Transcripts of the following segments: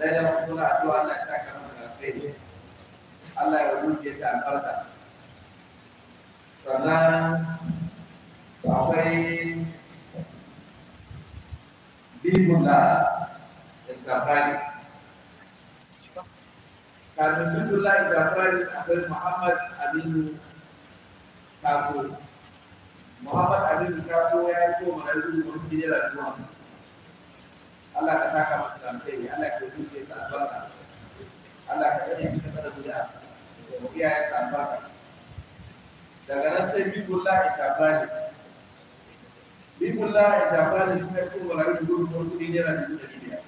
zai da mun muna addu'a Allah ya saka mana da alkhairi Allah ya rubuce ta albarka sannan akwai bimula enterprise kafin bimula enterprise akwai muhammad aminu tako muhammad aminu tako ya yi koma yanzu mutum ne da duwansa Allah ka saka masa da alkhairi Allah ka yi ya sa albarka Allah ka tsare shi ka tsare zuri'arsa da iyayensa albarka daga nan sai bibullah itabalis bibullah itabalis ne kuma wala da gudu gudu ne da dubu da biya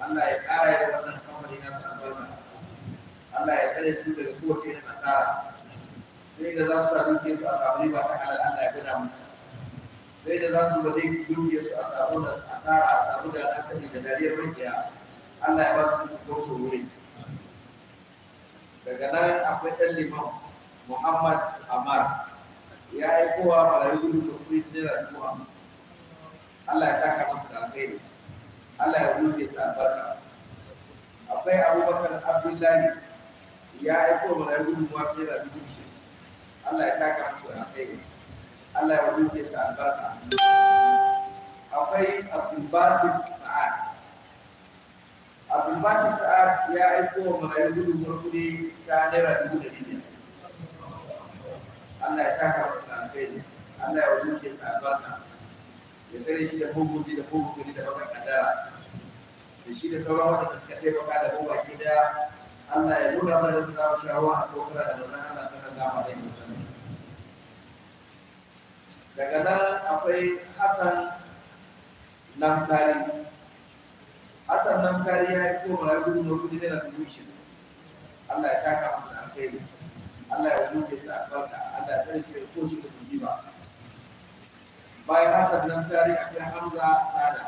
Allah ya kara ya wannan kamfani na su albarka Allah ya tsare su daga kowace irin asara sai da za su sa duke su a samu riba ta halal Allah ya guda musu Sai da za su bade yi su a samu da asara a samu da na sani da dariyar makiya Allah ya ba su kauce wuri daga nan akwai ɗan liman Muhammad Amar ya aikowa marayu gudun da kuma ita naira dubu hamsin Allah ya saka masa da alkhairi Allah ya buɗe sa albarka akwai Abubakar Abdullahi ya aikowa marayu gudun da kuma ita naira dubu ishirin Allah ya saka masa da alkhairi Allah ya duke sa albarka akwai Abdulbasir Sa'ad Abdulbasir Sa'ad ya aiko wa marayu gudu kuɗi ta naira dubu da ɗin Allah ya saka masa da alfaini Allah ya duke sa albarka ya tare shi da hukunci da hukunci da baka kaddara da shi da sauran waɗanda suka taimaka da mu gida. Allah ya nuna mana da ta mu sha a kofar da manzon Allah da alaihi wasallam daga nan akwai hassan namtari hassan namtari ya yi kowa ya gudu na gudu na tumushin allah ya sa ka masu da kai, allah ya zuke sa albarka allah ya tsare shi da koci da musiba bayan hassan namtari akwai hamza sada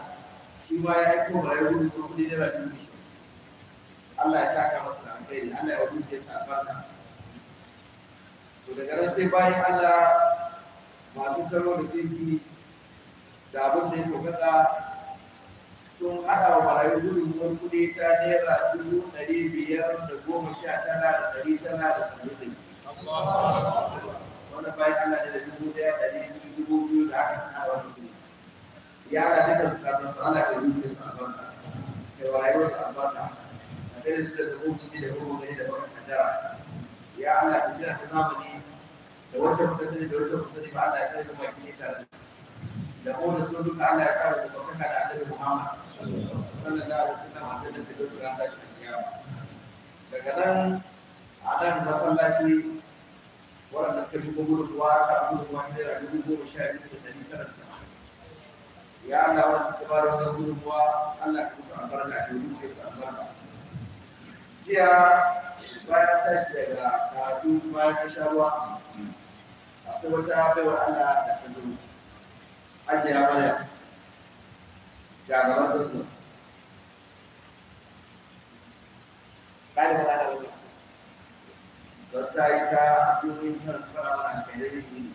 shi ma ya yi kowa ya gudu na gudu na tumushin allah ya sa ka masu da kai, allah ya buɗe sa albarka to daga nan sai bayan allah masu taro da sisi da abin da ya ka sun hada wa marayu wani kudi ta naira dubu ɗari biyar da goma sha tara da ɗari tara da saba'in da biyu wanda bayan ana da dubu ɗaya ɗari biyu dubu biyu da aka sana wani kudi ya haɗa duka zukatan su Allah da rubuta su albarka da wa rayuwar su albarka a tsaye su da dubu jiji da kuma gani da wani kadara ya Allah da jira ta zamani da wacce muka sani da ba Allah ya da sun duka Allah ya sa da dokaka da Muhammad da daga nan a nan masallaci waɗanda suka dubo gudunmuwa sa gudunmuwa naira dubu goma sha biyu da ɗari ya suka Allah da jiya bayan tashi daga karatu bayan sha ruwa akwai wata baiwar Allah da ta zo ajiya baya jagaban zanzan kada ka da wani don ta yi ta domin ta fara mana kai da yin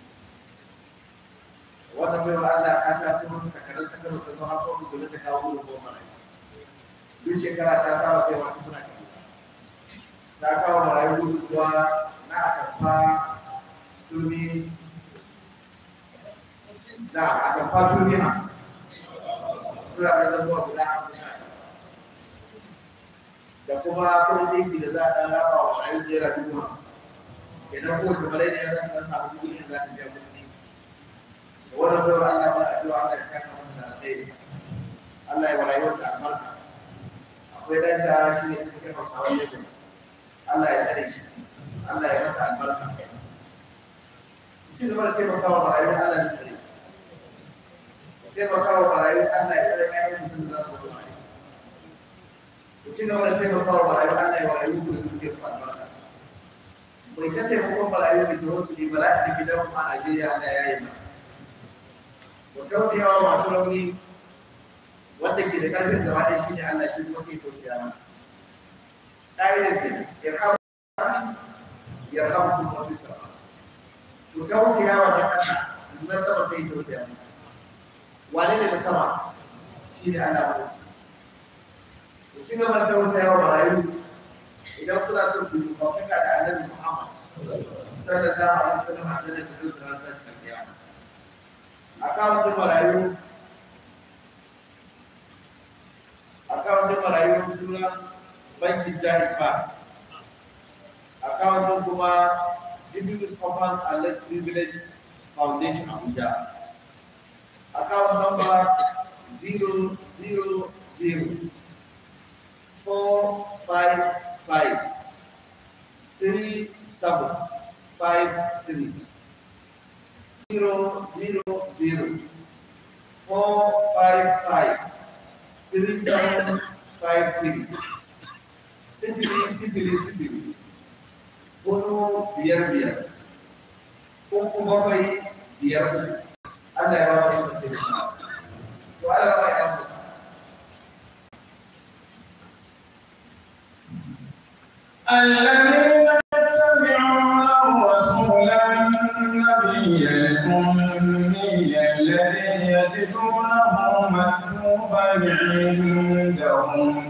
wannan baiwar Allah ta taso mun takarar sakar da zo har kofi domin ta kawo gudun goma rai duk shekara ta saba kai wata muna kai ta kawo marayu gudun na atamfa to be now I can part two So that I can without Da kuma kuma ɗinki da za a ɗan raba wa ayyukan naira dubu Idan kowace bare ya zama ɗan samu dubu ne za ta biya kuɗi wannan bai wa Allah ba addu'a Allah ya saka masa da alheri Allah ya walayi wata albarka akwai dan tara shi ne cikin Hausawa Lagos Allah ya tsare shi Allah ya rasa albarka shi zama da taimakawa marayu Allah ya tsare taimakawa marayu Allah ya tsare ƴaƴan musulmi za su zama marayu ku ci gaba da taimakawa marayu Allah ya rayu ku da dukiyar ku albarka bai ta taimakon marayu da ke wasu ne bala'i da gidan a Najeriya Allah ya yi ba ku tausayawa masu rauni wanda ke da ƙarfin gaba ɗaya shi ne Allah shi kuma sai tausaya mana ƙa'idar ke irhamu yarhamu kuma fi sama ku wasu yawa ta kasa na sama sai wasu yawa wane ne na sama shi ne ana ko ku ci gaba tausaya wa marayu idan kuna son ku yi kwamfuta da annabi muhammad sallallahu alaihi wasallam a da fitin su ran tashi kiyama a kawo duk marayu a kawo duk marayu suna bankin jahis ba a kawo kuma Jubilus Orphans and Less Privileged Foundation Abuja. Account number zero zero zero zero zero zero four four five five five three three seven five five three seven five three. Simply, simply, simply. hudu biyar biyar uku bakwai biyar uku Allah ya ba wasu mutum to Allah ba ya ba الذين يتبعون الرسول النبي الأمي الذي يجدونه مكتوبا عندهم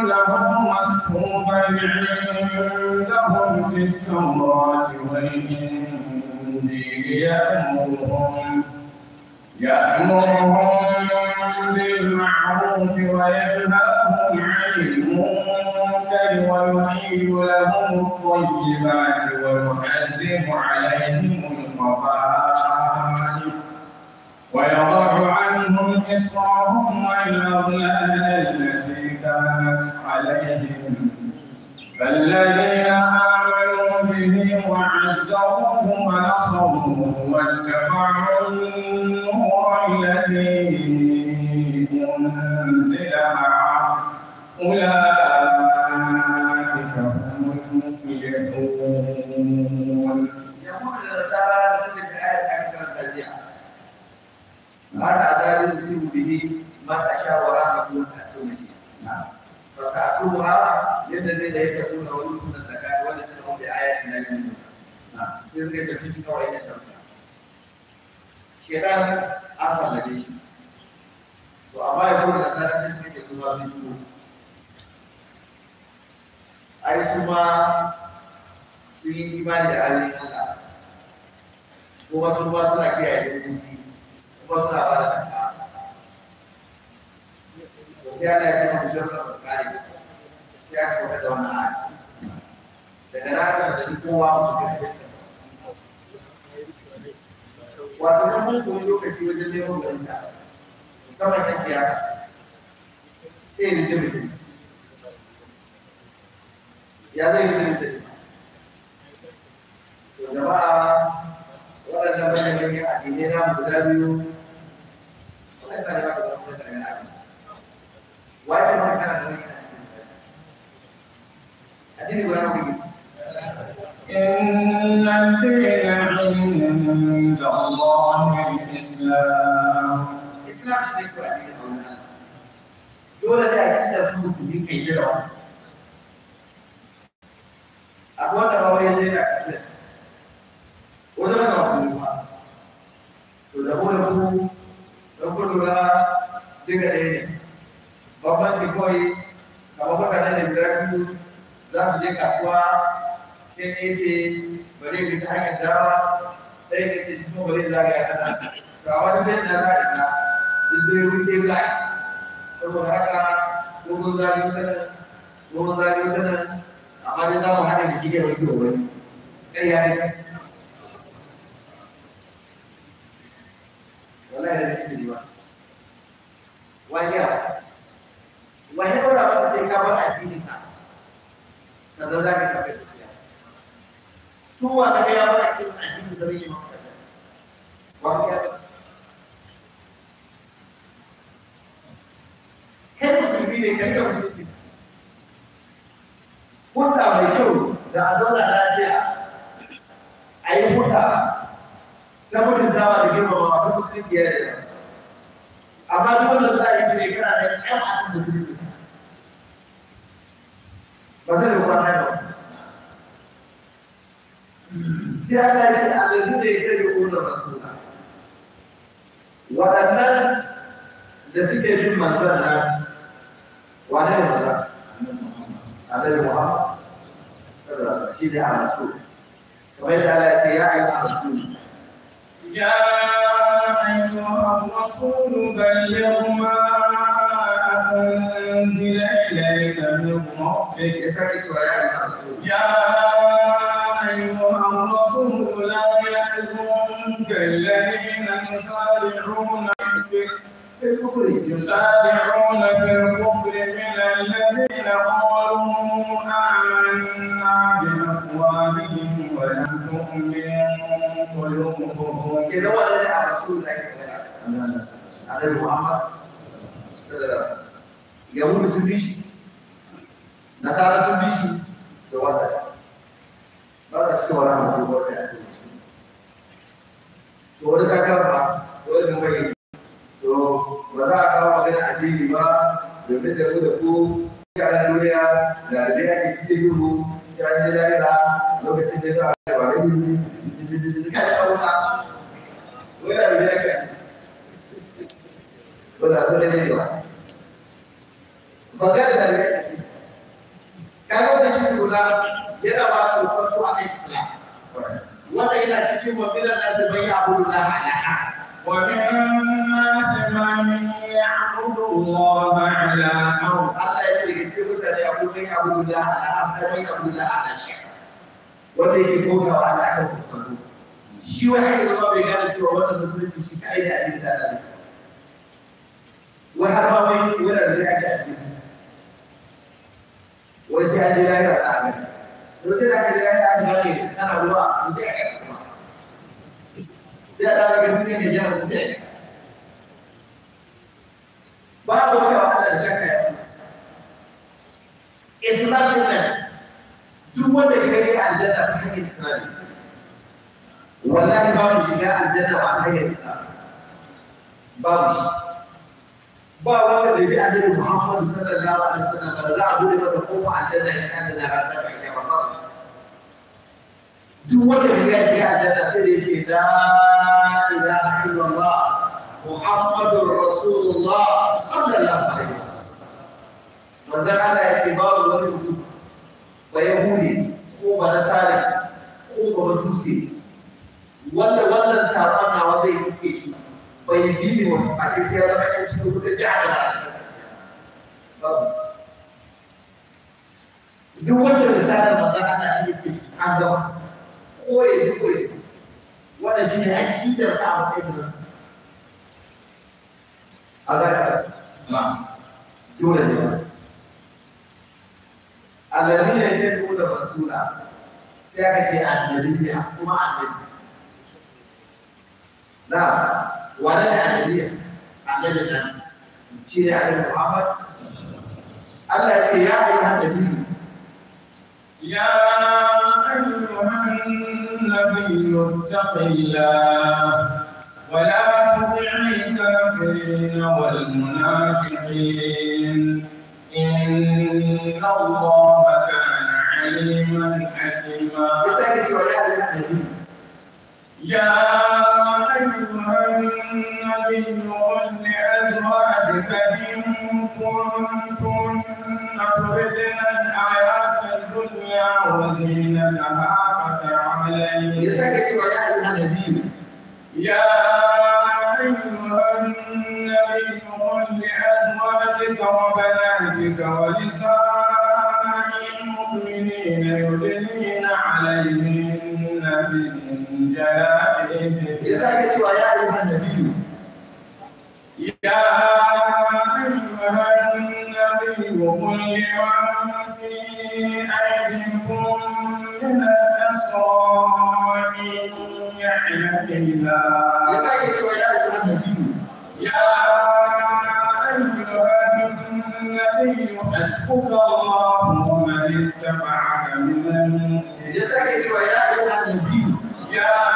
لهم مكتوبا عندهم في التوراة والإنجيل يأمرهم يأمرهم بالمعروف وينهاهم عن المنكر ويحيي لهم الطيبات ويحرم عليهم الخبائث ويضع عنهم إصرهم والأغلال التي كانت عليهم فالذين آمنوا به وعزروه ونصروه واتبعوا النور الذي أنزل معه أولئك هم المفلحون يقول النصارى أكثر فزيعة يصيب به ما أشاء وراء وسعه فسأكلها يد الذين يتقون ويؤتون الزكاة والذين هم بآياتنا يؤمنون sai suka ce sun ci kawai ya shafa shedan an sallame shi amma ya kuma da sanar da suka ce su ma ai su ma sun yi da Allah su ma suna kiyaye ba sai Allah ya ce musu shirka ba su kare sai aka sauka wani ayi daga ranar da shi kowa musu ga fuskar wato nan mun koyi lokaci wajen neman garinta musamman yan siyasa sai ya rike mutum ya zai rike mutum to jama'a waɗanda a manyan addinai na guda biyu واقف هنا فعلا هنا اديني قران إن الدين عند الله الإسلام الإسلام شنو يقول عليه أكيد المسلمين كي يدعوا أقول لك هو يدعي أكيد ودول أنا أقول لك ودول أقول لك أقول لك دقيقة bambanci kawai kamar mutanen da guda biyu za su je kasuwa sai ne ce bari ne ta hanyar dama ɗaya ne ce shi kuma bari zagaya ta nan to a wani bai na za da yawon dai za a isa haka dogon zagayo ta nan dogon zagayo ta nan amma dai za haɗa da wani gobe ƙarya ne wallahi da nake zama za ka kafin da siyasa su wa ka ga ya ba kin addini zai yi maka wa ka kai musulmi ne kai ga musulmi hulɗa mai kyau da a zauna lafiya a yi hulɗa ta mutuntawa da girmama abin musulunci ya yi amma duk wanda za a yi shi ne kana da kyan akan musulunci ba zai da kwana sai Allah ya ce alladhina yattabi'una rasula waɗannan da suke bin manzon nan wane ne manzon annabi Muhammad sallallahu alaihi wasallam shi ne rasul kamar yadda Allah ya ce ya ayyuha rasul ya ayyuha rasul balligh ma أنزل إليك من ربك يا أيها الرسول يا أيها الرسول لا يحزنك الذين يسارعون في الكفر يسارعون في الكفر من الذين قالوا آمنا بأفواههم ولم تؤمن قلوبهم كذا ولا لا الرسول لا عليه محمد صلى الله عليه وسلم يهود سبيشي نصارى سبيشي ba za su kawo rama ko wata ya to wani sakarwa wani mai to ba za a kawo magana addini ba domin da ko. da ku yaran duniya da da ya cikin duhu sai an je lahira lokacin da za a ba ni ya kawo ka wani abin da ya wani abin da ya ba magana da ya kaga da shi kula yana ba ka farko a kan islam wanda yana cikin wakilan nasu bai abu da alaha wa min nas man ya'budu Allah ala hawl Allah ya ce daga cikin mutane abu bai abu da alaha da bai abu da alashi wanda yake bauta wa Allah akan farko shi wani ya zama bai gane cewa wannan musulunci shi kai da abin da Allah ne ake a cikin wai sai an je lahira za a gani to sai da aka je lahira aka gane kana ruwa to sai a kai kuma sai a dawo ga duniya ne jihar da sai a kai babu kai wa Allah da shakka ya fi islamin nan duk wanda ka gani aljanna ta hanyar islami wallahi babu shiga aljanna ba hanyar islami babu shi ba wanda bai bi annabi Muhammad sallallahu alaihi wasallam ba za a bude masa kofa aljanna shi kan da ran ta kai ba duk wanda ya ga shi aljanna sai ya ce la ilaha illallah Muhammadur Rasulullah sallallahu alaihi wasallam manzon Allah ya ce babu wani mutum ba yahudi ko ba nasara ko ba tusi. wanda wannan sabon nawa zai iske shi bai bi ne wa a ce sai ya zama yanci da babu duk wanda misalin ba za a ta iske shi an ko ya duk wani wanda shi ne aƙidar ta abu kai da nasu a ga ma dole ne A allazi ne ya tafi da rasula sai aka ce annabiya kuma annabi na ولا أنبياء علمنا شيء على محمد التي يا أيها النبي يا أيها النبي اتق الله ولا تطع الكافرين والمنافقين إن الله كان عليما حكيما. يا ومثلهن إن كنتن تردن الحياة الدنيا وزينتها فتعالين يا أيها النبي قل لأزواجك وبناتك ونساء المؤمنين يدنين عليهن من جلابيبهن. يا أيها النبي قل لمن في أيديكم من الأسرى وإن يعلم الله يا أيها النبي حسبك الله ومن اتبعك من المؤمنين يا أيها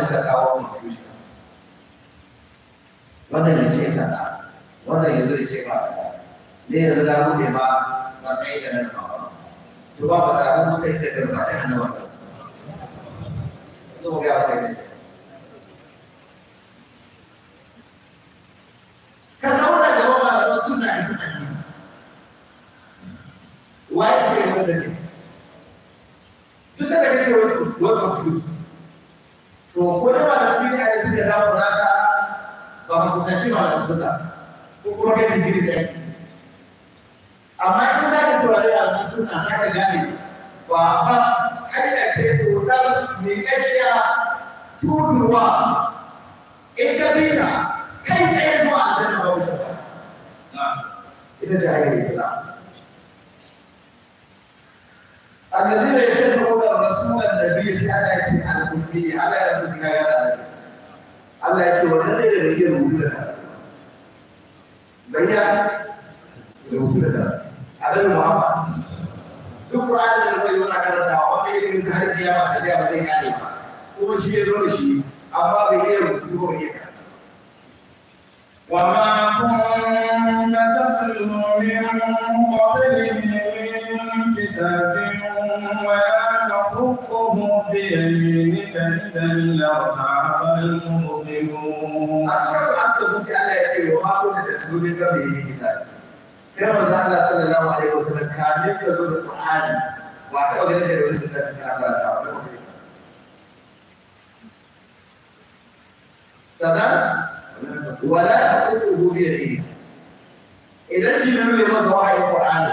malamai suka wannan ya ce kaza wannan ya ya ce ba ne yanzu na buɗe ma ba sai da na nufa to ba ba zaɓen musa da garba ta hannu wata zo ga wani ne ka zauna gaba malaman suna da suna ne waye sai wanda ne Tusa da kace wani wani confusion so ba da a bid'a da suka dafa naka ba ka kusanci malamin sunna ko kuma ka jijiri da yake amma in za ka saurari malamin sunna za ka gane ba ba hanya ce dokar mai ƙarfiya tuduwa in ka bita ta kai tsaye zuwa jana ba wuce ba ita ce islam الذين يتبعون الرسول النبي سألا يتي الأمي ألا يتي كاغانا الله يتي ونن يدري الوجود بيان الوجود هذا محمد القرآن الذي يقول لك wanda ya nisa har kiyama ta tsaya ba zai kare ba kuma shi ya zo da shi amma bai iya rubutu ba ya kare وما كنت تتلو من قبله من كتاب تبعهم ولا تخطه بيمينك إذا لارتاب المبطلون أسرة عبد المتي على يسير وما كنت تتلو من قبله كتاب كما زال صلى الله عليه وسلم كان يكتب القرآن واعتقد أنه يقول لك أن هذا sannan wala taqutuhu bi yaminika idan jibril ya maka wahayin qur'ani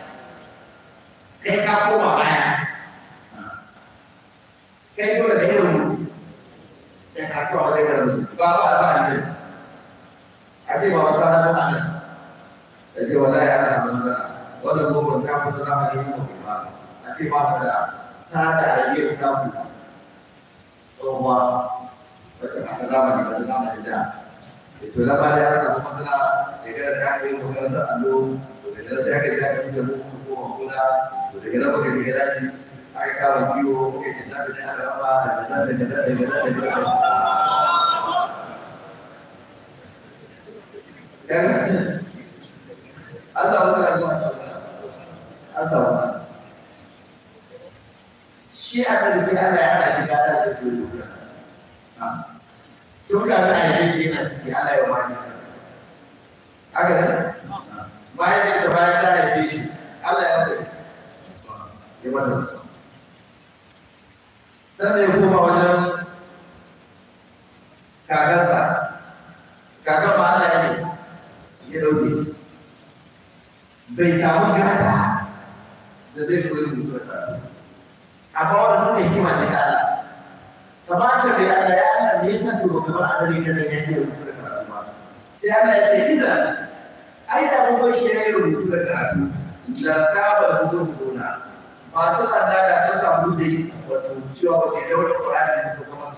kai ka koma baya kai dole da irin da ka kawo zai gara musu ba ba ba ne a ce ba wasa na ba ne da ce wala ya samu matsala wannan gogon ta kusa zama ne mu ba a ce ba ka da a yi ta ku tsohuwa wacce ba ka zama ne ba ta zama da da to na ba ya samu matsala sai ga da ta yi kokarin daga nan aka ji muku ko gona to daga nan daji aka kama kiwo muka yi tafi da aka raba daga nan daga nan daga nan daga nan an samu tsara an samu tsara shi a kan sai Allah ya hada shi da dole tun kafin a yi shi yana ciki Allah ya wani mahaifiyarsa bayan ta haife shi Allah ya mata ya mata su sannan ya koma wajen kakansa kakan ma Allah ne ya dauke shi bai samu gata da zai koyi mutuwa ta amma wannan nuna hikima sai ka Allah kamata bai Allah ya Allah me yasa to ba kamar abin da ya yake mutuwa ta sai Allah ya ce idan ai da kuma shi ya yi rubutu da karatu da tabar mutu gona masu kanda da sun samu da yi wato cewa ba sai daura ƙwararren da su kuma su ba.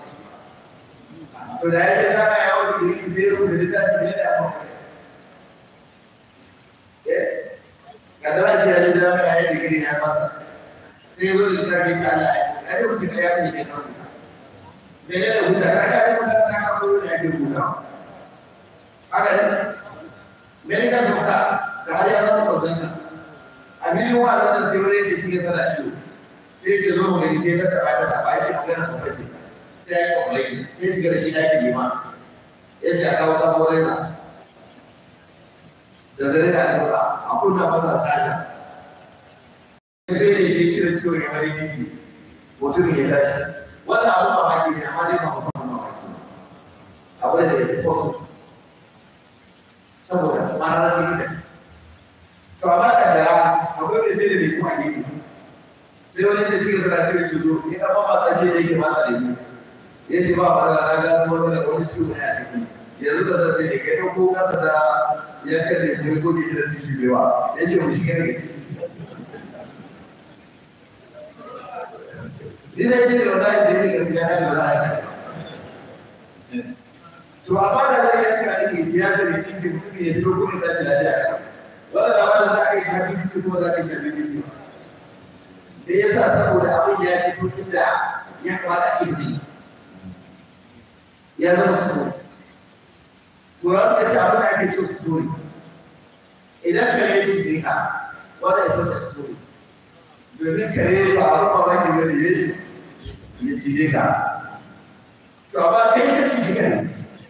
To da yake ce zama yawo da digiri sai ya rubuta littafi ne da amma Ga da ce ya da zama ya da digiri ya masa sai ya zo da ta ya ce Allah ya yi mutum ya ce ne ta da ta Ka ga ta da ke mu na me ka doka ga har ya zama wa zan sai wani shi ne sana ciwo sai ce zo mu gani sai ka taɓa ta taɓa shi magana ta bace sai ya yi kwamfulashi sai shiga da shi ke lima ya ce a kawo sabon raina da zai da doka a kunna masa tsada ya kai da shi cire ciwo ya mari gidi mutum ya tashi wannan abin mamaki ne amma dai ba mutum mamaki ne da saboda ƙwararren da to amma kaddara akwai da sai da ne kuma yi. sai wani ce cikin sana cire su zo ni ɗan ta ce da yake mata lemu ya ce ba maza na kuma wani da wani ciwo na ciki yanzu da zafi ne kai ɗauko ƙasa da ya kan lemu ya da tushe bewa ya ce mu shiga daga ciki ni da ke da wani da ya da ba za a yi to amma da zai yanka ake tiyatar da inda mutum ya biyo kuma da shi lafiya kan wanda da wanda za a yi shafi bisu kuma za a yi shafi bisu da ya sa saboda abin ya fito inda ya kamata ce zai ya zama su to tura ce shi abin da ake so su tori idan ka ya shi zai ka wanda ya sauka su tori domin kare ba abin ba za ki gani ya ce zai ka to ba kai ka ci zai ka ne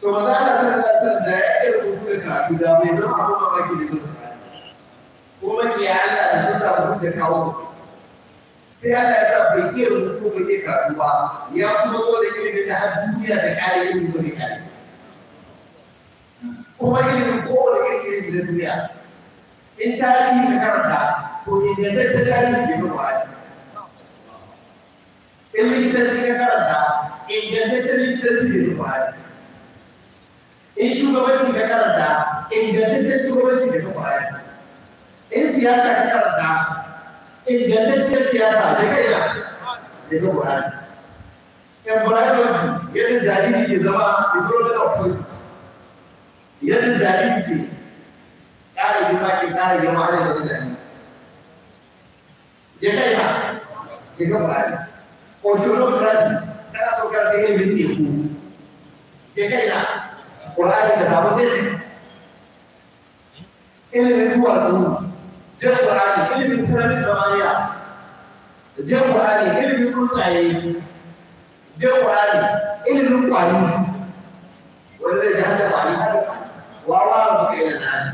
to maza ana sanar da sanar da ya iya rubutu da karatu da zama da kuma Allah da sun samu hujja kawo sai Allah ya sa bai ya kuma zo da ilimin da har duniya ta kare ilimin da kare kuma ilimin kowane irin da duniya in tarihi ka karanta to ingantaccen tarihi ke nuna wa'adi in likitanci ka karanta ingantaccen likitanci ke nuna in shugabanci ka karanta ingantaccen shugabanci da ka kurari in siyasa ka karanta ingantaccen siyasa da kai na da ka kurari embryology yadda jariri ke zama development of politics yadda jariri ke ƙara girma ke ƙara girma da yadda jariri je kai na je ka kurari oceanography kana so karanta ilimin teku je kai na ƙur'ani ka samu physics ilimin duwatsu jan ƙur'ani ilimin sararin samaniya ilimin ilimin ƙwari zai ƙwari yi da وأوحى ربك النحل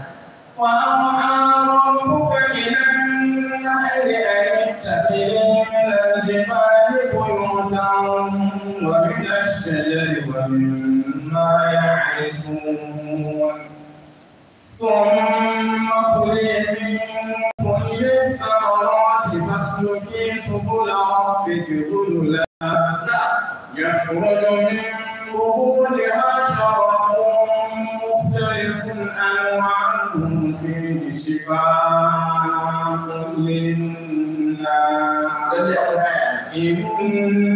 تعرشون ثم كلي من كل الثمرات فاسلكي سبل ربك ذللا يخرج من ظهورها شراب مختلف ألوانه فيه شفاء للناس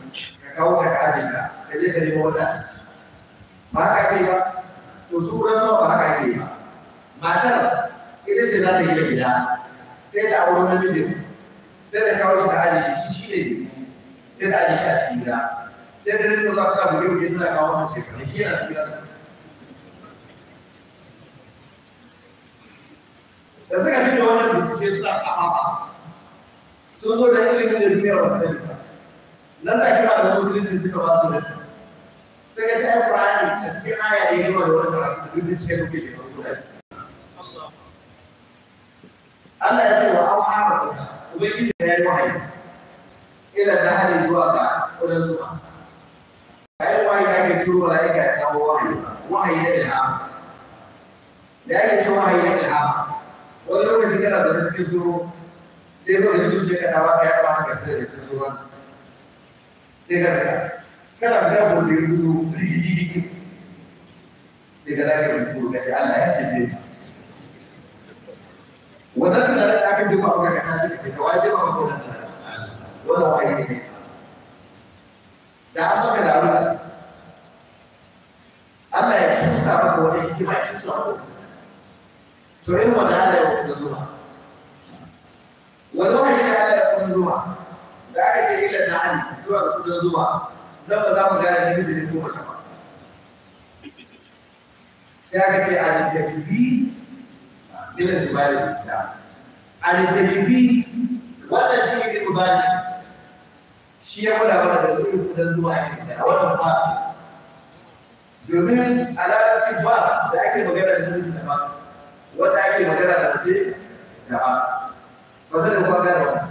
ka kawo ta ka ajiye ka ka je ka nemo wata abinci ba haka kai ba to su wurin ma ba haka kai ba matar ita ce za ta gina gida sai da ta auri namijin sai ta kawo shi ta ajiye shi shi ne ne sai da ajiye shi a cikin gida sai ta rinka zuwa ta buge buge suna kawo masa shekaru shi yana da gida da suka fi da wannan bincike suna ƙafafa sun zo da ilimin da duniya ba sani nan da kira da musulunci suka ba su da sai ka ce ai Qur'ani a cikin aya ne yawa da wannan karatu duk da cikin kuke shi Allah ya ce wa an auha rabbuka ubangiji ya yi wahayi ila da hali zuwa ga kudan zuwa yi wahayi da ake turo malaika ya kawo wahayi ba, wahayi na ilham da ake ciro wahayi na ilham wani lokaci kana da cikin zuwa, sai ka rubuta duk shekara ba ka yi ba ka da cikin zuwa. sai ka daga kana da ko sai gudu rigigigi sai ka daga ko sai Allah ya ce zai wannan tunanin da aka je ba ka ka tashi ka ta waje ba ka ko wannan wahayi ne da an maka da Allah ya Allah ya cusa maka wata hikima ya cusa maka to in wannan Allah ya kuma zuwa wani wahayi da Allah ya kuma zuwa nan zuwa da kudin zuwa don ba za mu gane namiji ne ko mace ba sai aka ce a alittakizi ila jibali da alittakizi wannan shi ne jibali shi ya kula mana da kudin kudin zuwa ne a wannan fa domin a larabcin fa da ake magana da namiji da ba wanda ake magana da ce da ba ba zai da kwa gane wannan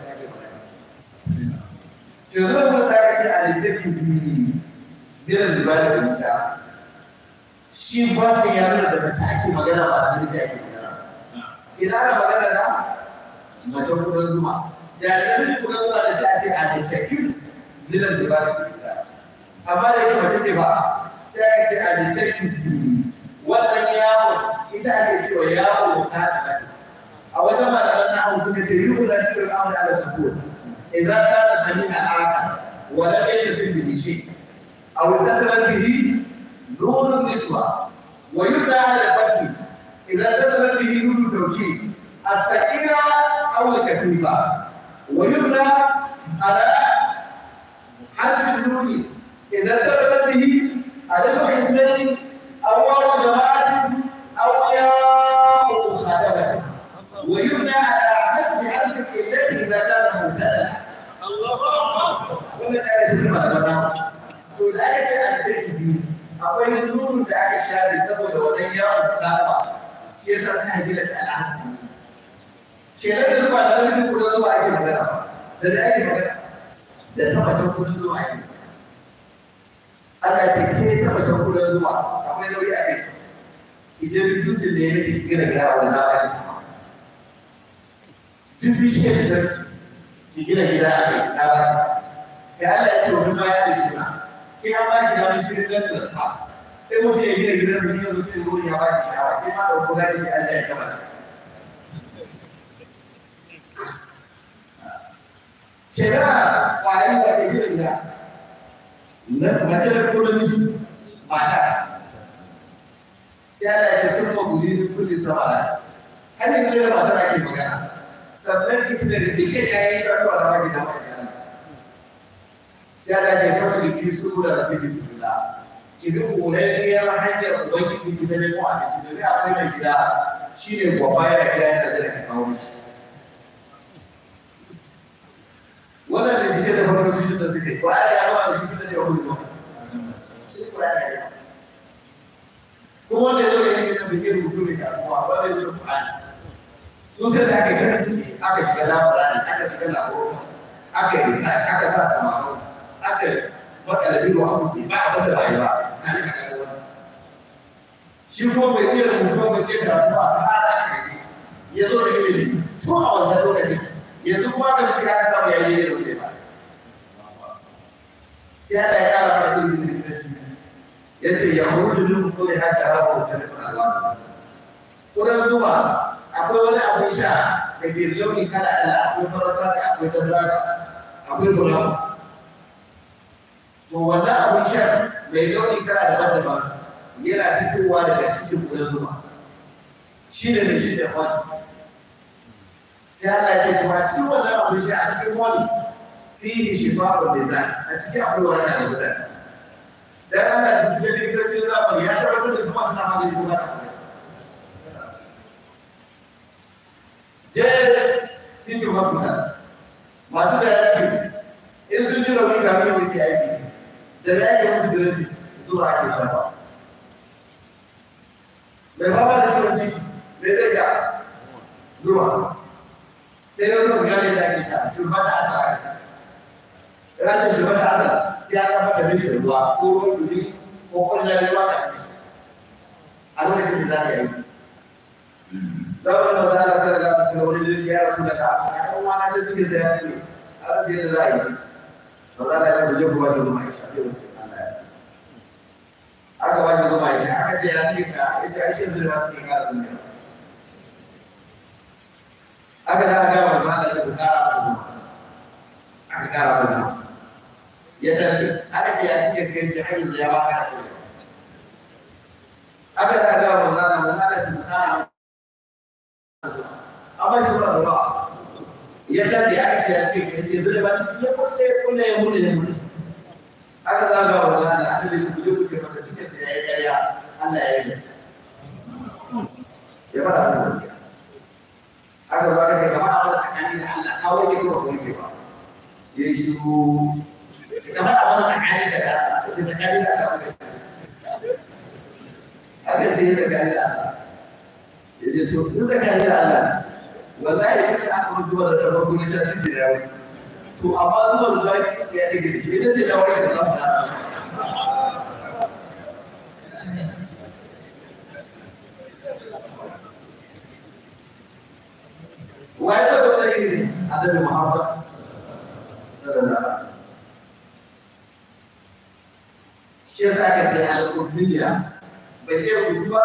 to yanzu da kuma ta kace a littafin fili bila zibali da ta shi ba ne ya da mace ake magana ba da mace ake magana Ina da magana na mace kudan zuma da da namiji kudan zuma da sai a ce a littafin bila zibali da ta amma da yake mace ce ba sai a ce a littafin fili wannan yawon ita ake cewa yawon ta da mace a wajen malaman na hausa ta ce yi kula da amur ala sukuni إذا كان سميع آخر ولم يتصل به شيء أو اتصل به نور النسوة ويبنى على الفتح إذا اتصل به نور التوكيد السكينة أو الكثيفة ويبنى على حذف النون إذا اتصل به ألف حسنة أو واو جماعة أو ياء مخالفة ويبنى tarjima da ba to da aka ce al-tarjibi akwai nunun da aka share saboda wannan yawon tsaba shi yasa sai a gina shi al'adu kenan da zuba da wani kuma zuwa ake magana da da ake magana da tabbacin kudin zuwa ake Ana ce ke tabbacin kudin zuwa akwai nauyi a kai idan dutsen da yake gina gina a wannan ake shi ne da ki gina gida a kai na da Allah ya ce wani ma ya rishe na ke an ba ki damar firin da ta rasu sai mutum ya gina gidan rikin yanzu zai zo ya ba ki shawara ke ma ɗauko gani da Allah ya gaba shekara ƙwayar da ke gina gida mace da ko da miji mata sai Allah ya ce sun ma guri kullum samara hannun gina mata ake magana sannan ita da dukkan ya yi kuwa da wani damar sai Allah ce fasu da fi su da rabbi bi tulla ki bi horarriyar hanyar ubangiji ki ta nemo abinci domin akwai mai gida shine gwaba ya gida yana da ki kawo shi wannan da jike da farko shi da suke ba ya a shi da ya ba kuma wanda ya zo da yake da bikin rubutu ne kasuwa Ba ya zo da Qur'ani so sai da aka karanta ne aka shiga labarin aka shiga labarin aka yi sa aka sa tamaro aka makala biro a kuɗi ba a bada rayuwa shi ko bai iya rubutu bai iya karatu ba sahara aka yi ya zo da ilimi tun a wancan lokacin yanzu kuma ga mutum ya samu ya yi ilimi ba sai ya ƙara ba ilimi da kirkirci ya ce ya hudu ko ya hasha ba ko ta nufin alwa kudan akwai wani abin sha da ke launi kala ala akwai farasa akwai ta akwai kulawa to wannan abin shan mai kara da wanda ba yana fitowa daga cikin ƙudan zuma shi ne mai shi da wani sai Allah ya ce kuma cikin wannan abin shi a cikin wani yi shi lillah a cikin akwai wani abin da dan Allah da cikin cikin zamani ya tabbatar da zuma tana magani kuma ba jere titin mafi masu da yankin in sun ji rauni ga wani da ke aiki da ya yi wasu diresi zuwa ake shafa mai baba da shi ciki me zai ga zuwa sai na zuwa gane da ake shafa shirba ta asara ake shafa rashin shirba ta asara sai ya kafa da mishi ruwa ko ruwan dumi ko kwallon ruwa da ake shafa a lokacin da za ta yi zaunar da za ta sai da za da wani zuciya ya rasu da ta ya ɗan wani sai cikin sai ya fi ne a rasu yadda za a yi ba za ta yi ta guje kuma shi biyu wajen zuma ya aka ce ya suke ka ya ce ashe yanzu da suke ka da duniya aka da aka gama zama da zai ku kara mata zuma aka kara mata zuma ya tafi aka ce ya suke kai ce yanzu ya ba ka da aka da aka gama zama da zuma da zai ku kara mata zuma amma shi ya tafi aka ce ya suke kai ce yanzu ba su ya kulle ya kulle ya kulle aka zaga wa zana annabi ta kuje kuce masa cikin sa yayi ƙarya Allah ya yi ya fara da gaskiya aka zo aka ce ka fara tsakani da Allah ka wake ko ka wake ba ya yi shiru ka fara mana tsakani da Allah ka ce tsakani da Allah aka ce ya tsakani da Allah ya ce to in tsakani da Allah wallahi kuma aka mutu wa da tarbaku ne sai su da yawa to amma zuwa zaki ya daga ciki ne sai dawo da zamu da wai da wannan ne annabi Muhammad sallallahu shi yasa ka ce al-qur'aniya bai iya rubutu ba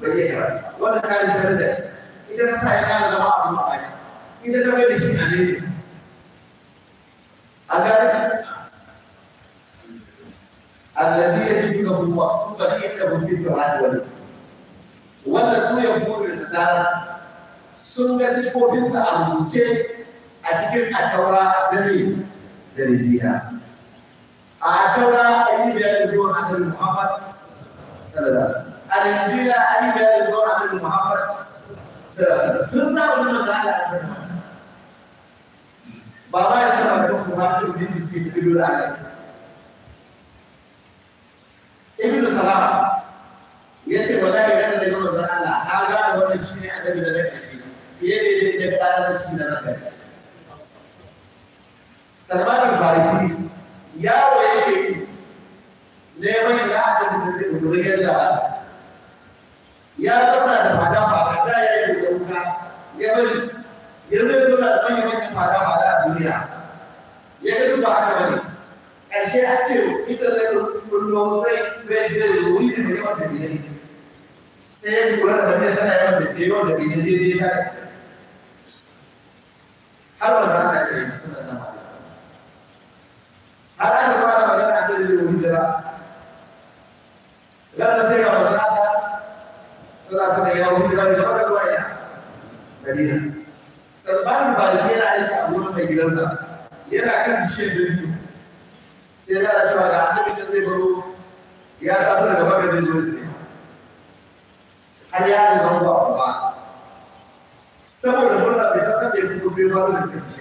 bai iya karatu wannan karin daraja ita ta sa ya kara zama abin ma'ana ita ta bai da shi a nesa an gane allazi yajibuhum maktuban indahum fi tawrat wal wanda su yahudu da nasara sun ga sifofinsa a rubuce a cikin ataura dare da rijiya a ataura an yi da zuwa annabi muhammad sallallahu alaihi wasallam a rijiya an yi muhammad sallallahu alaihi tun Baba ya taba da kuma ibn suke bido da aka ibn salam ya ce wallahi da daga manzon Allah na ga wannan shine annabi da daga shi fiye da da da da shi da daga Salman al-Farisi yawo yake neman ila da da da yadda ya zauna da fada fada ya yi da wuta ya bari ya zai zo da manyan manyan fada-fada a duniya ya ga duk haka ba ne ƙarshe a ce ita zai kullum zai zai zai wuri da mai yawan da biyai sai ya lura da wani tana yawan da biyai wanda biyai sai dai ta har ba za ta yi har aka fara magana a kan zai wuri da sai ga magana ta suna da yawon hijira daga wadda zuwa ina madina salman farisi yana aiki a gurin mai gidansa yana kan bishiyar dabino sai ya gada cewa da annabi da zai baro ya taso daga baka zai zo zai har ya da zango a kuma saboda murna bai san san da ya fito sai ba da kafiya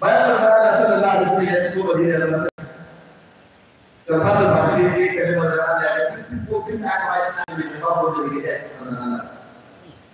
bayan da zara da sallallahu alaihi wasallam ya shigo madina da zama salman farisi sai ya yi kalli manzon da ya kasance ko kin da aka bashi annabi da babu da yake da manzon Allah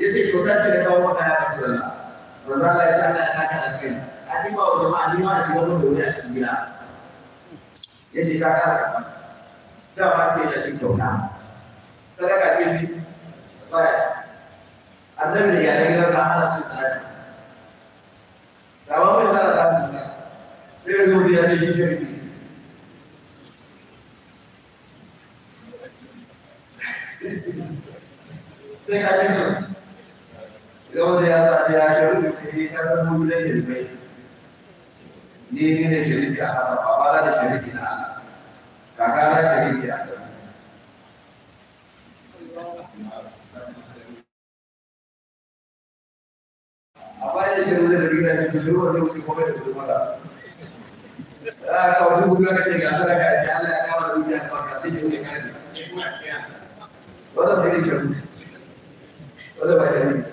ya ce kyauta ce da kawo maka ya rasu lalla manzo Allah ya ce Allah ya saka alkhairi a ji ba wa jama'a ni ma da shiga mun da a cikin gida ya ce ka kara dama ce ya shi kyauta sadaka ce ni baya ce annabi da yayin gidan sa ana ce sadaka da ba mun da za mu ne sai zo ya ce shi shirki sai ka ji yau da ya ce ya shirin da sai ya san mu da shirin bai ni ni ne shirin da aka saba ba da shirin da Allah kaka da shirin da aka apa yang saya boleh beri dan saya suruh dia mesti komen di rumah lah. Ah, kau tu bukan kerja kata lah kan? Jangan nak kau beri dia apa kata dia boleh kan? Kalau beri dia, kalau baca ni.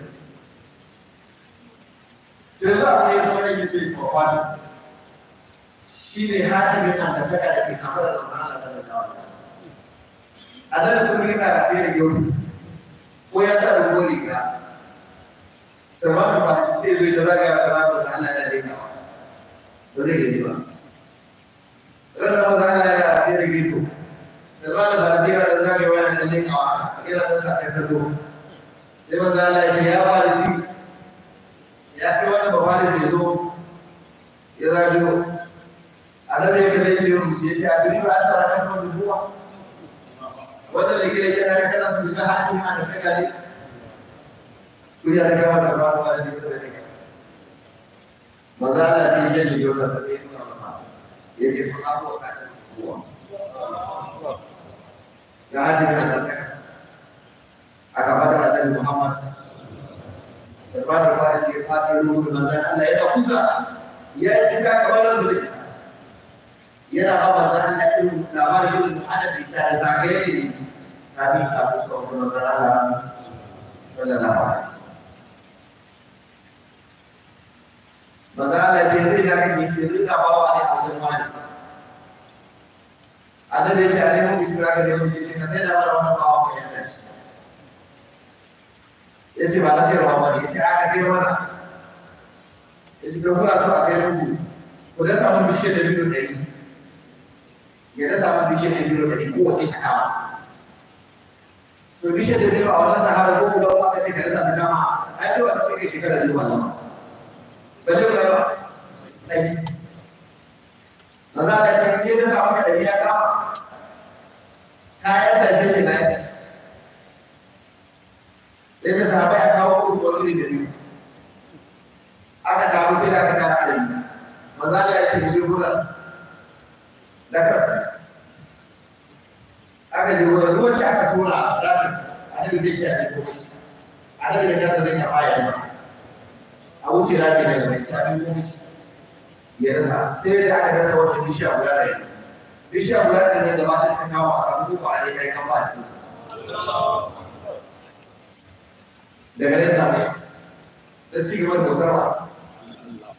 da za a yi sauran yi sai kofar ne hatimin annabtaka da kamar da zama Allah sallallahu alaihi wasallam a nan kuma yana da tsere ko ya sa rubo riga sama da ba su sai zai zaga ya fara da Allah ya dai kawa ba zai gani ba ba za a yi a tsere gefe sama da ba zai da zaga ya wani da dai kawa ina da sa ta sai ya ce ya fara wani zai zo ya zaji zagiyo annabi ya kalle shi rumshi ya ce a tuni ba an tara kan kan buwa wanda da gida yana da kana su da hatsi a da kaga ne kuriya ta gama da ba ba sai ta da kaga manzo Allah sai ya ji yau ta sai ya tuna masa ya ce fa abu ka ta buwa ya hadi da ta aka fada da Muhammad salman al-farisi ya fadi ruhun manzan Allah yana kuka ya yi kuka kamar nan zuri yana ba manzan Allah ɗin labarin yin mu'adar da isa da zagaye ne kafin samu su ɗauki manzan Allah sallallahu alaihi manzan Allah sai zai ya kan yi sai zai na bawa ne a wajen wani annabi ce a ka sai da ya ce ba na sayarwa ba ne ya ce aka sayar mana ya ce kuna so a sayar muku ku da samun bishiyar da biyu da shi ya da samun bishiyar da biyu da shi kowace ta kama to bishiyar da biyu a wannan sahara ko kuma ba ka ce ka rasa ta kama ai ba ta kai shekara biyu ba nan ba zai kula ba ɗari maza da ce ke da samun ka kama shi na da yake sahabai a kawo kuɗin wani ne da biyu aka taru sai da aka tara a yi maza da ya ce mu je wurin da karfa aka je wurin ruwanci aka tura ranar annabi zai ce a ɗin kuma shi annabi da kansa zai kafa ya rasa a wuce rafi daga mai sai abin kuma shi ya rasa sai da aka rasa wata bishiya guda da yanzu bishiya guda da yanzu gaba da suka kawo a samu kuka a ne kai kan ba a cikinsu daga nan same shi da ci gaba bautar wa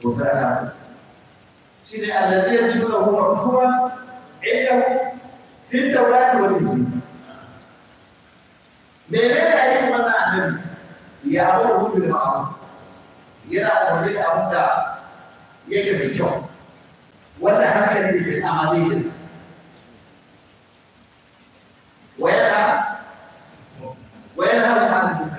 bautar shi ne allazi ya zibu lahu maktuba inda fi tawrati wal injil menene aikin wannan annabi ya amuru bil ma'ruf yana umarni da abin da yake mai kyau wanda hankali da sai amma zai yi وينهى وينهى عن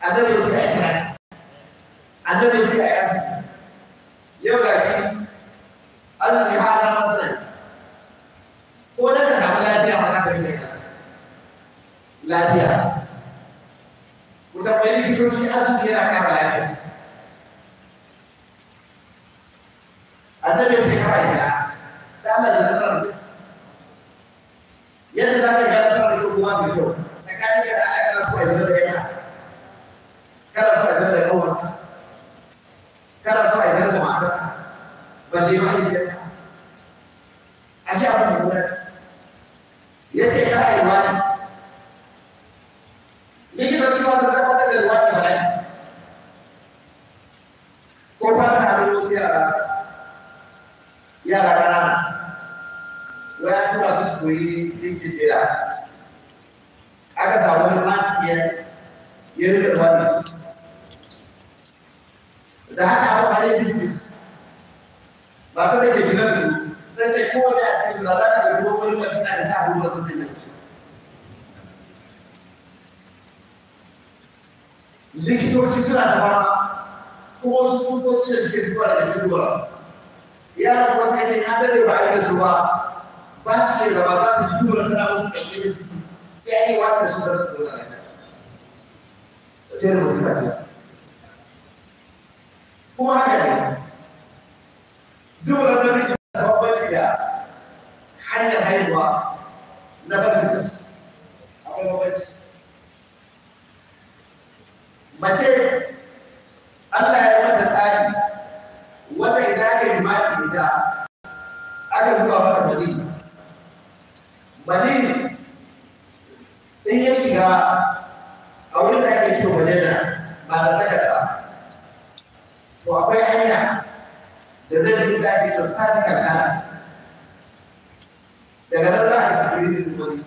annabi ya ce a yi annabi ya ce a yi azumi yau ga shi azumi har na masana ko na ka samu lafiya ba za ka yi kasa lafiya ku tambayi likitoci azumi yana kara lafiya annabi ya ce kara yi da Allah da zarar yadda za ka yi ganar da kuma mai kyau tsakanin da Allah kana so a yi kada so a da kawarka kada so a da matarka balle mahaifiyarka a shi abin da gudanar ya ce ka a yi wani likitoci ma sun tabbatar da wani ko kwana na hannu wasu yara yara ƙanana wani ci masu su koyi likitira aka samu wani masu iya ya rika da haka abu a yi bibis da ke gidan su ce a cikin su da za ka da sa sun likitoci suna da fama kuma su da suke fitowa daga cikin ruwa kuma sai ya dade ba a da su ba su ke zama ba su ji tana musu da sai a yi wa da su sanar da kai. Wace da musulma kuma haka ne duk wani namiji da bambanci da hanyar haihuwa na farkin da su akwai bambanci mace Allah ya mata tsari wanda idan aka yi jima'i ita aka zuwa mata mani mani in ya shiga a wurin da ake ce wajena ba da takarda to akwai hanya da zai yi daji ake cewa sadikal daga nan za a sigiri da wani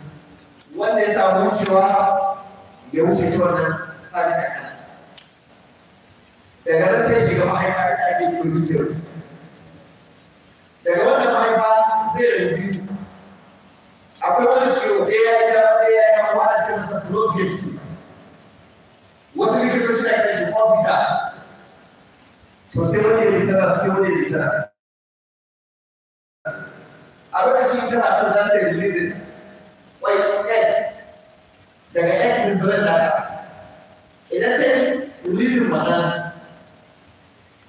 wanda ya samu wucewa ya wuce ta wannan sadikal hana daga nan sai shiga mahaifa da ake cewa details daga wannan mahaifa zai rabu akwai wani ciwo ɗaya ya ɗaya ya kwa a cikin sa wasu likitoci na ake shi orbitas sai wani ya tana sai wani ya tana a lokacin tana kan za ta yi release wai daga da idan ta yi release magana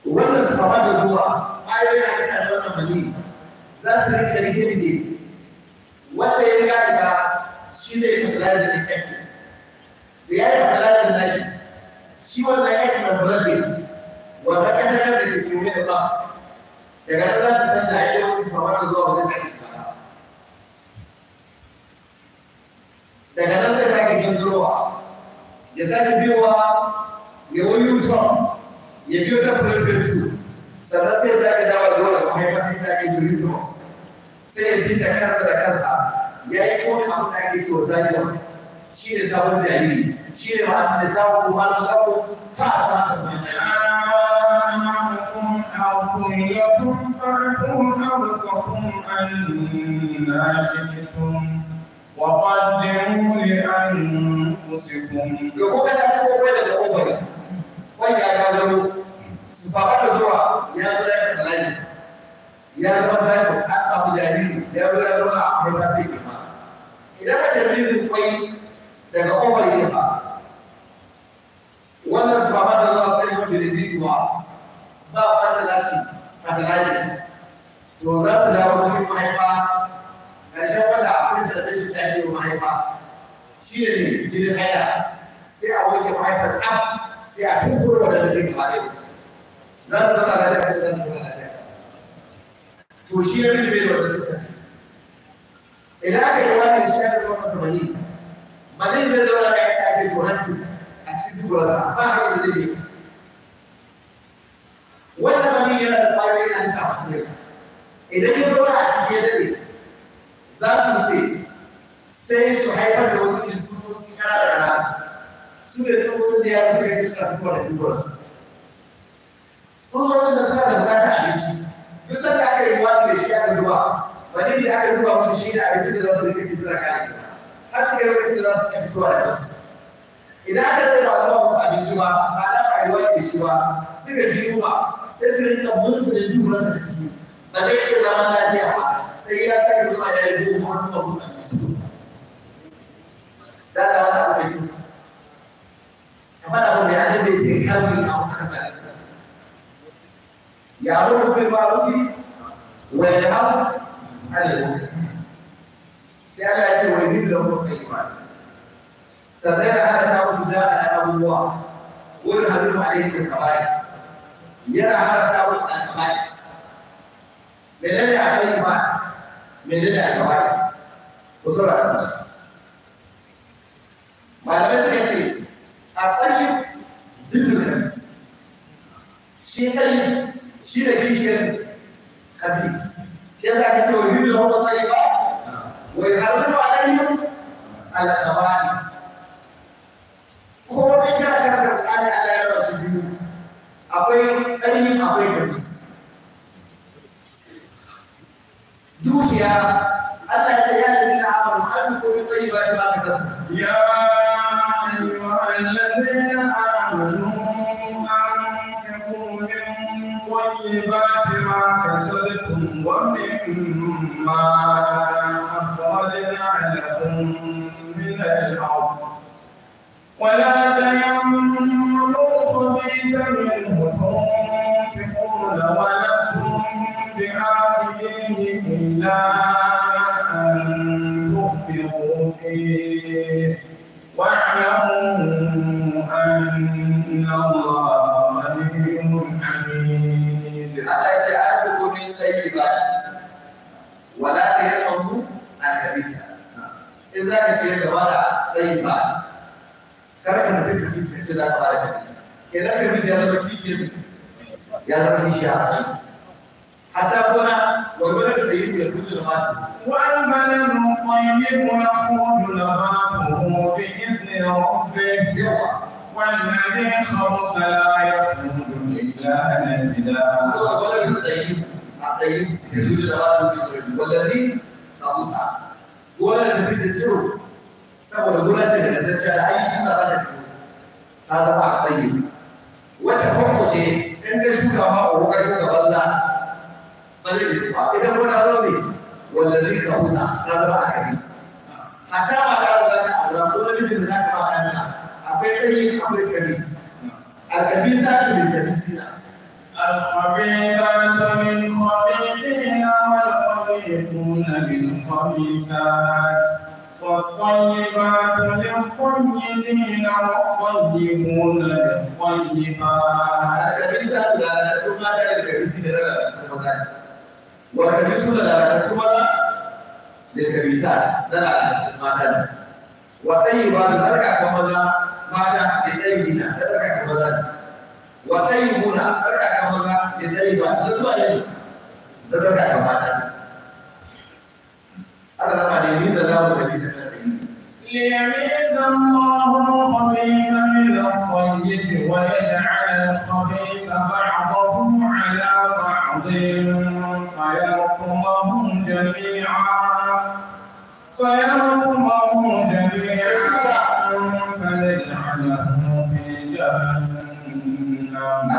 wannan da zuwa ayoyin da ta da wannan mani za su rinka rike ne wanda ya riga isa shi zai fasalari da egg da ya yi fasalari da shi shi wannan daga nan za ta canza a yi lokacin ba wannan zuwa ba zai sake shiga daga nan zai sake ganzurowa ya sake biyowa ya wuyu ya biyo ta fulfiltu sannan sai ya sake dawa zuwa ga mahaifin da ake jiri tom sai ya bi da kansa da kansa ya yi fomin abin da a cewa zagiyar shi ne sabon jariri shi ne ma'anin da sabon kuma su ɗauko ta a fatan وقفوهم أنا شئتم وقدموا لأنفسكم له sai Allah ya ce wa yuhibbu lahum tayyibat sannan yana hana ta musu da abubuwa wani halittu alaihi da kabais yana hana ta musu alkabais menene akwai ba menene alkabais ku saurara musu malamai suka ce a ƙarfi digital shi ƙarfi shi da kishiyar habis yasa ka ce wa yuhillu lahu tayyibat wa yuharrimu alaihim al-khaba'ith ko dai ka karanta Qur'ani Allah ya rasu biyu akwai ɗanyin akwai gari dukiya Allah ya ce ya lalina amanu an ya ومما أخرجنا لكم من الأرض ولا تيمموا الخبيث منه تنفقون ولستم بآخذيه إلا أن تؤمروا فيه واعلموا أن الله wala ta yi ɗanmu a kabisa in za ka ce gaba da ɗayi ba kada ka nufi kabisa ce za ka ba da kabisa kenan kabisa ya zama kishiyar ya zama kishiyar a ɗayi حتى هنا والولد الطيب يخرج نباته والبلد الطيب يخرج نباته بإذن ربه والذي خبث لا يخرج ne نبدا والولد ɗari da zuci da ba da ɗari wallazi na musa gona da tafi da tsiro saboda gona ce da tantacciya da ayi shuka za ta zama a ɗaye wacce farko ce in ka shuka ma a wuka shuka banza ba zai fito ba idan gona zo ne ka zama a ɗari hatta ba ka da الخبيثات للخبيثين والخبيثون للخبيثات والطيبات للطيبين والطيبون للطيبات. الخبيثات لا تبقى للخبيثين لا تبقى والخبيثون لا تبقى للخبيثات لا تبقى والطيبات تركع كمذا ماذا للطيبين تركع كمذا wa tayyibuna tsarkaka maza da tayyiba da zuwa ne da tsarkaka mata Allah ma ne ni da za mu tafi sanar da ni ليميز الله الخبيث من الطيب ويجعل الخبيث بعضه على بعض فيرقمهم جميعا فيرقمهم جميعا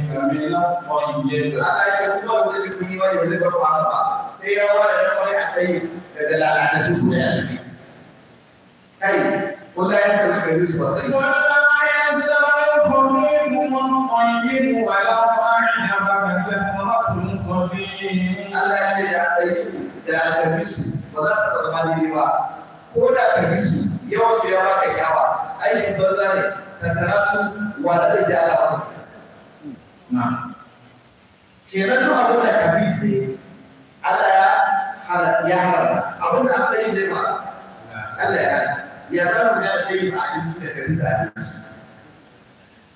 من الطيب الله يجب أن يجب أن يجب أن يجب sai ya ware ya ware a kai daga lalatattu su da yanayi kai kula ya sami kai su wata yi Allah ya ce ya tsaye da alkabi su ba za su zama daidai ba ko da alkabi su yawan su ya baka yawa aikin banza ne tattara su wa da zai ji alaƙa kenan duk abin da kabis ne Allah ya haramta abin da aka yi ne Allah ya haramta ya zama da yi ma abinci da kabis a abinci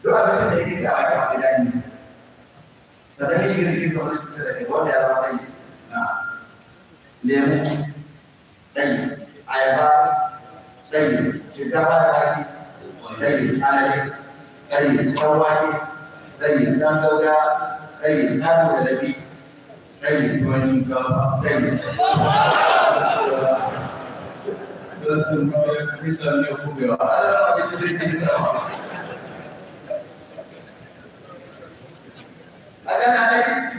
duk abincin da yake tsawa ya kawo sannan ya shiga cikin kawai cutar da kai wanda ya zama Na lemu ɗai ayaba ɗai shinkafa da wani alale ɗai ɗan wake طيب كم دولة طيب كم ولدي طيب كم شنكافة طيب بس ما يفيد أن يقول هذا ما بيصير أجل عليك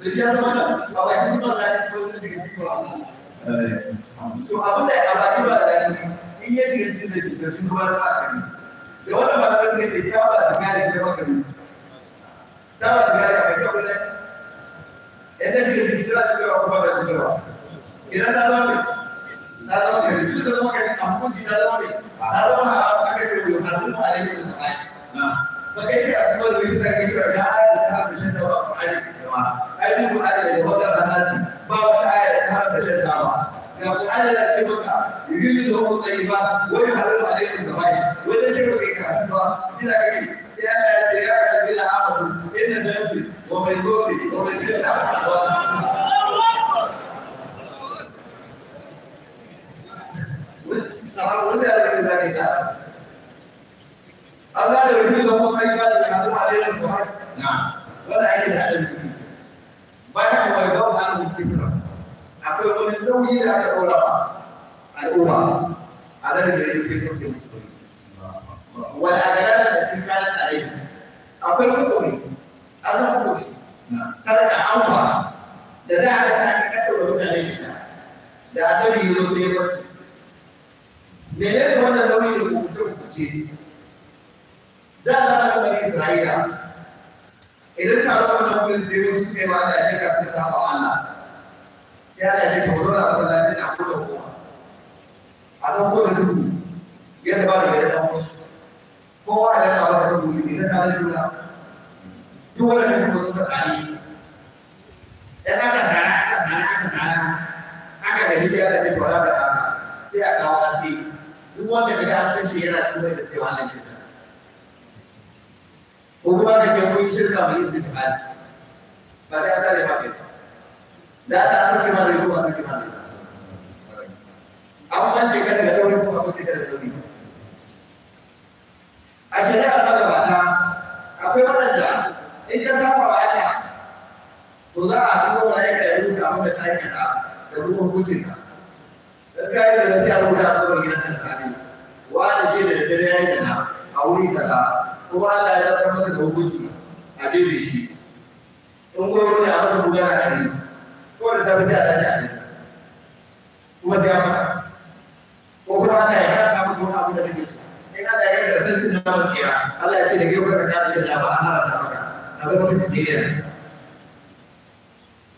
ليش هذا ما هو يسمى لك بس يسمى to abin da ya abaki ba da in ya shiga cikin da cutar shi kuma zama a kan da wannan malamai suka ce ta ba su gane ta maka bisu ta ba su gane a kai kawai yadda suka ce ta su kawo kuma da cutarwa idan ta zama mai ta zama mai su ta zama kai amfuci ta zama mai ta zama a aka ce wani halin ma alayi da ma'aji ba kai kai a kuma da wasu ta kai cewa ya ayar da ta haɗa shan tawa a kuma alayi da ma ainihin da wata ranasi ba wata aya da ta haɗa shan ba فقال لا سيبقى يريد لهم الطيبات ويحرر عليهم الكبائر ولا شيء بقى كاتبا سيدا كي سيدا سيدا الذين آمنوا إن الناس ومن ذوق ومن ذوق طبعا وزي في ذلك الله لو يريد لهم الطيبات ويحرم عليهم الكبائر نعم ولا أجد على الجديد ما هو يدور عنهم كسرى akwai wani nauyi da aka ɗora al'umma a nan da zai sai sauke musu nauyi wani a gara da tun kanan da aiki akwai hukuri azan hukuri sarka anwa da da aka sa aka kaddara mutane gida da annabi yi zo sai ya barci me wannan nauyi da a Isra'ila idan taron wannan wani sai wasu suka yi ma da Allah sai ana ce kawo dole a masallaci na ko da a san ko duhu yadda ba da kowa da wasa gobe ne juna duk kuma tsari aka tsara aka tsara aka tsara aka gari sai ana ce da sai a kawo duk wanda yana cikin suke ko kuma shirka mai ba sai ba da aka sauke ma da kuma sauke ma da an kwance ka daga ɗauri kuma kwance ka da ɗauri a shari'ar magabata akwai waɗanda in ka saba wa Allah to za a tuko wa ya kai rubuta abin da ka yi da ruwan kuma ka dan ka yi da sai a rubuta a tsoron gidan kan sami wa da ke da dare ya yi zana a wuri kaza kuma Allah ya zama masa da hukunci a jefe shi in gobe ne a wasu bugana a gaskiya sai a tashi kuma sai an ko kuma Allah ya haɗa maka abu da Allah ya ga da cin naman tsira Allah ya ce da gefe ka kada cin nama an haramta maka ka zama musu jiya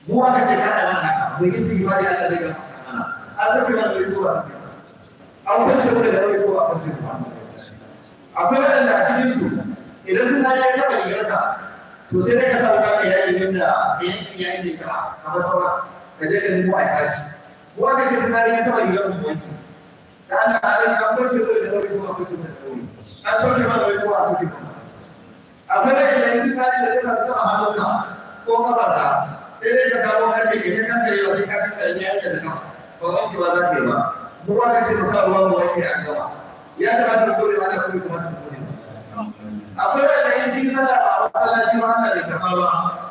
mu aka ce kada mana haka mu yi sigima da Allah zai gama A an zafi mana da yiwuwa an kwance mu da nauyi ko a kwance mu ba akwai waɗanda a cikin su idan kuma ya kama rigarka to sai dai ka sa wuka ka yaƙi yadda ya yi da ya ka kamar sauran ka je a kaci ko aka ce ta kare ta mai yau ko ki da Allah Allah ya kwace ko da ko kwace ko da dauri an sauke ma ko a sauke ma da ila in da ka ta a hannunka ko ka sai dai ka samu karfe ke kan kare wa sai ka kan kare ya da kan ba wani ba za ka yi ba ko aka ce masa ruwa ruwa ke a gaba ya kamata mu dole ana kuma kuma akwai da yin sun sallah a masallaci ma Allah ba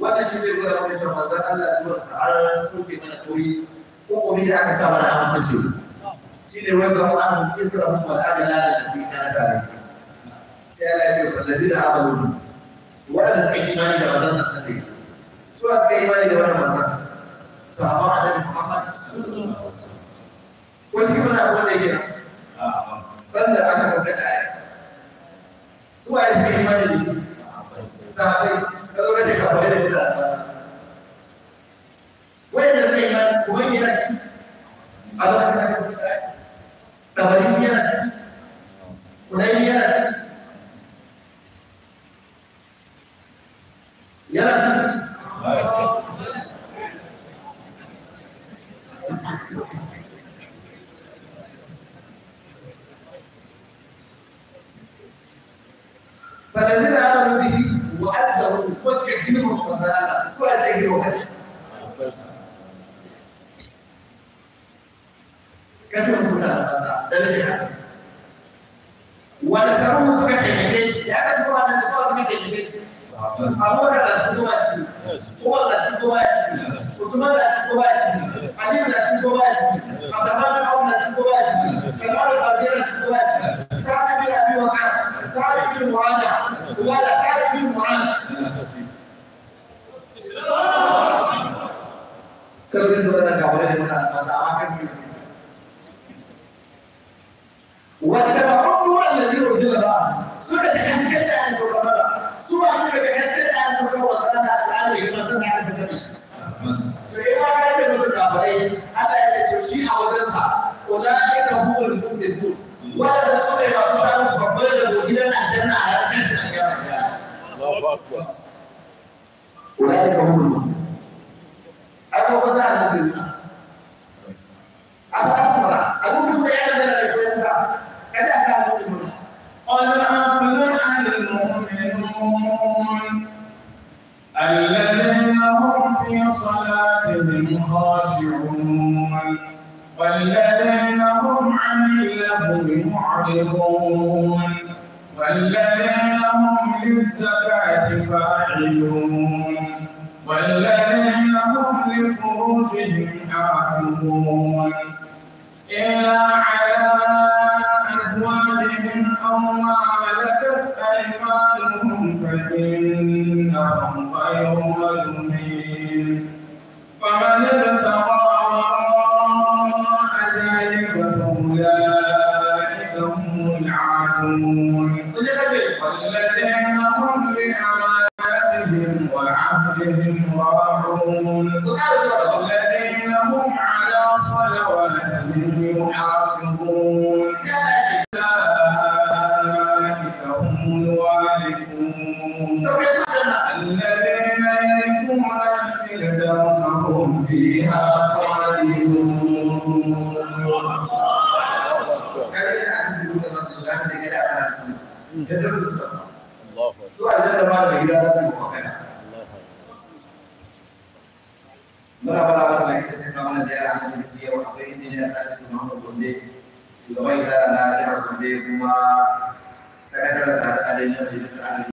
wannan shi zai gwada wani shan manzan Allah da su sa'arar suke mana ko hukumi da aka sa mana amince shi ne wanda mu an isra mu wal amila da tafi kana tare sai Allah ya ce sallazi da amalu wanda suka yi imani da manzan Allah ne su suka yi imani da wannan manzan sahabban annabi Muhammad sallallahu alaihi wasallam ko shi kuma abin da yake sannan aka tabbata su waye suka yi imani da shi sahabbai ka zo ka faɗi da mutane wayan wayanda suka yi man kuma yana a هم الذين هم في صلاتهم خاشعون والذين هم معرضون والذين هم للزكاة فاعلون والذين هم لفروجهم حافظون إلا